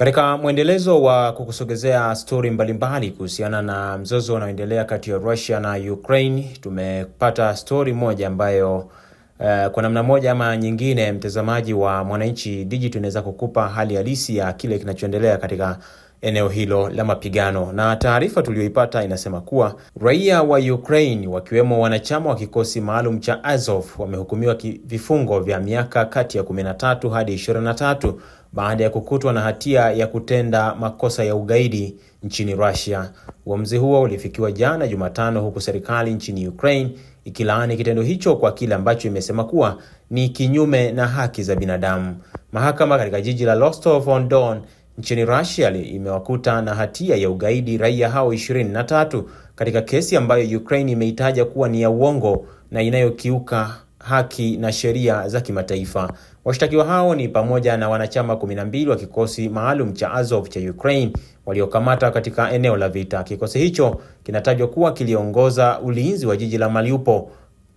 Katika mwendelezo wa kukusogezea stori mbalimbali kuhusiana na mzozo unaoendelea kati ya Russia na Ukraine, tumepata stori moja ambayo uh, kwa namna moja ama nyingine, mtazamaji wa Mwananchi Digital inaweza kukupa hali halisi ya kile kinachoendelea katika eneo hilo la mapigano. Na taarifa tuliyoipata inasema kuwa raia wa Ukraine wakiwemo wanachama wa kikosi maalum cha Azov wamehukumiwa vifungo vya miaka kati ya 13 hadi 23 baada ya kukutwa na hatia ya kutenda makosa ya ugaidi nchini Russia. Uamuzi huo ulifikiwa jana Jumatano, huku serikali nchini Ukraine ikilaani kitendo hicho kwa kile ambacho imesema kuwa ni kinyume na haki za binadamu. Mahakama katika jiji la Rostov-on-Don nchini Russia imewakuta na hatia ya ugaidi raia hao 23 katika kesi ambayo Ukraine imeitaja kuwa ni ya uongo na inayokiuka haki na sheria za kimataifa. Washtakiwa hao ni pamoja na wanachama 12 wa kikosi maalum cha Azov cha Ukraine waliokamata katika eneo la vita. Kikosi hicho kinatajwa kuwa kiliongoza ulinzi wa jiji la Mariupol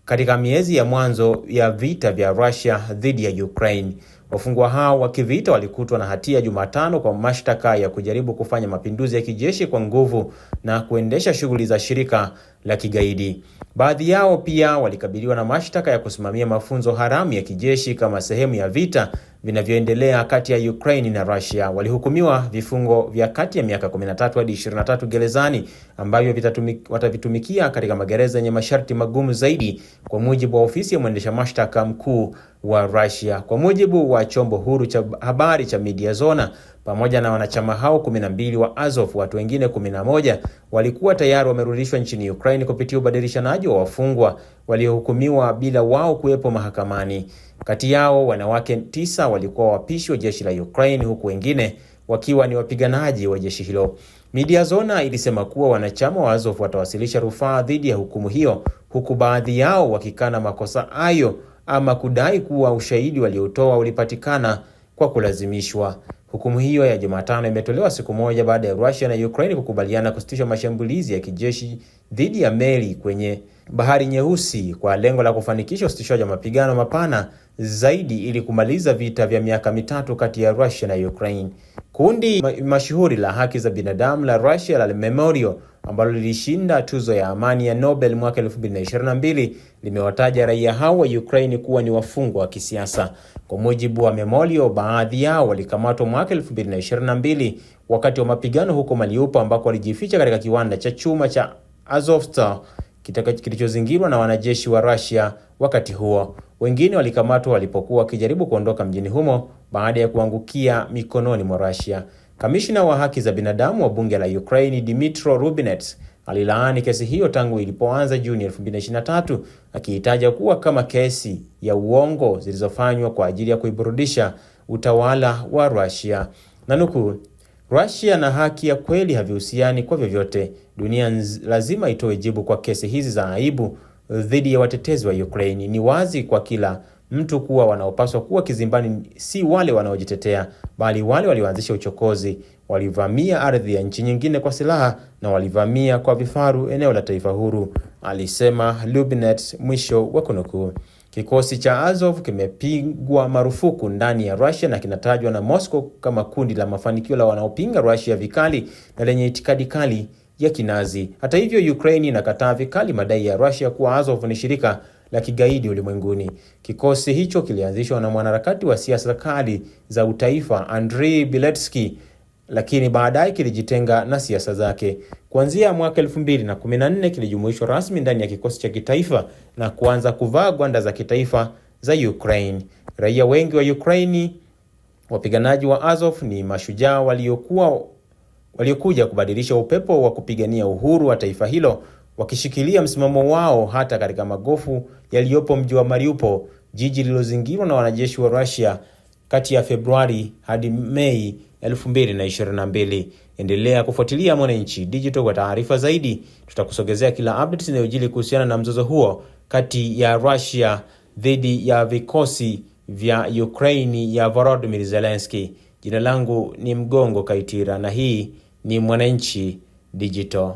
katika miezi ya mwanzo ya vita vya Russia dhidi ya Ukraine. Wafungwa hao wa kivita walikutwa na hatia Jumatano kwa mashtaka ya kujaribu kufanya mapinduzi ya kijeshi kwa nguvu na kuendesha shughuli za shirika la kigaidi. Baadhi yao pia walikabiliwa na mashtaka ya kusimamia mafunzo haramu ya kijeshi kama sehemu ya vita vinavyoendelea kati ya Ukraine na Russia walihukumiwa vifungo vya kati ya miaka 13 hadi 23 gerezani ambavyo watavitumikia katika magereza yenye masharti magumu zaidi, kwa mujibu wa ofisi ya mwendesha mashtaka mkuu wa Russia. Kwa mujibu wa chombo huru cha habari cha zona pamoja na wanachama hao 12 wa Azov, watu wengine 11 walikuwa tayari wamerudishwa nchini Ukraine kupitia ubadilishanaji wa wafungwa waliohukumiwa bila wao kuwepo mahakamani. Kati yao wanawake tisa walikuwa wapishi wa jeshi la Ukraine huku wengine wakiwa ni wapiganaji wa jeshi hilo. Media Zona ilisema kuwa wanachama wa Azov watawasilisha rufaa dhidi ya hukumu hiyo, huku baadhi yao wakikana makosa hayo ama kudai kuwa ushahidi waliotoa ulipatikana kwa kulazimishwa. Hukumu hiyo ya Jumatano imetolewa siku moja baada ya Russia na Ukraine kukubaliana kusitisha mashambulizi ya kijeshi dhidi ya meli kwenye Bahari Nyeusi kwa lengo la kufanikisha usitishaji wa mapigano mapana zaidi ili kumaliza vita vya miaka mitatu kati ya Russia na Ukraine. Kundi mashuhuri la haki za binadamu la Russia la Memorial ambalo lilishinda tuzo ya amani ya Nobel mwaka 2022 limewataja raia hao wa Ukraine kuwa ni wafungwa wa kisiasa. Kwa mujibu wa Memorial, baadhi yao walikamatwa mwaka 2022 wakati wa mapigano huko Mariupol, ambako walijificha katika kiwanda cha chuma cha Azovstal kilichozingirwa na wanajeshi wa Russia wakati huo. Wengine walikamatwa walipokuwa wakijaribu kuondoka mjini humo baada ya kuangukia mikononi mwa Russia. kamishina wa haki za binadamu wa bunge la Ukraine, Dmytro Rubinets, alilaani kesi hiyo tangu ilipoanza Juni 2023, akiitaja kuwa kama kesi ya uongo zilizofanywa kwa ajili ya kuiburudisha utawala wa Russia. Na nukuu, Russia na haki ya kweli havihusiani kwa vyovyote. Dunia lazima itoe jibu kwa kesi hizi za aibu dhidi ya watetezi wa Ukraine. Ni wazi kwa kila mtu kuwa wanaopaswa kuwa kizimbani si wale wanaojitetea, bali wale walioanzisha uchokozi, walivamia ardhi ya nchi nyingine kwa silaha na walivamia kwa vifaru eneo la taifa huru, alisema Lubnet, mwisho wa kunukuu. Kikosi cha Azov kimepigwa marufuku ndani ya Russia na kinatajwa na Moscow kama kundi la mafanikio la wanaopinga Russia vikali na lenye itikadi kali ya Kinazi. Hata hivyo, Ukraine inakataa vikali madai ya Russia kuwa Azov ni shirika la kigaidi ulimwenguni. Kikosi hicho kilianzishwa na mwanaharakati wa siasa kali za utaifa Andrei Biletsky, lakini baadaye kilijitenga na siasa zake. Kuanzia mwaka 2014 kilijumuishwa rasmi ndani ya kikosi cha kitaifa na kuanza kuvaa gwanda za kitaifa za Ukraine. Raia wengi wa Ukraine, wapiganaji wa Azov ni mashujaa waliokuwa waliokuja kubadilisha upepo wa kupigania uhuru wa taifa hilo, wakishikilia msimamo wao hata katika magofu yaliyopo mji wa Mariupol, jiji lililozingirwa na wanajeshi wa Russia kati ya Februari hadi Mei 2022. Endelea kufuatilia Mwananchi Digital kwa taarifa zaidi. Tutakusogezea kila update inayojili kuhusiana na mzozo huo kati ya Russia dhidi ya vikosi vya Ukraini ya Volodymyr Zelensky. Jina langu ni Mgongo Kaitira na hii ni Mwananchi Digital.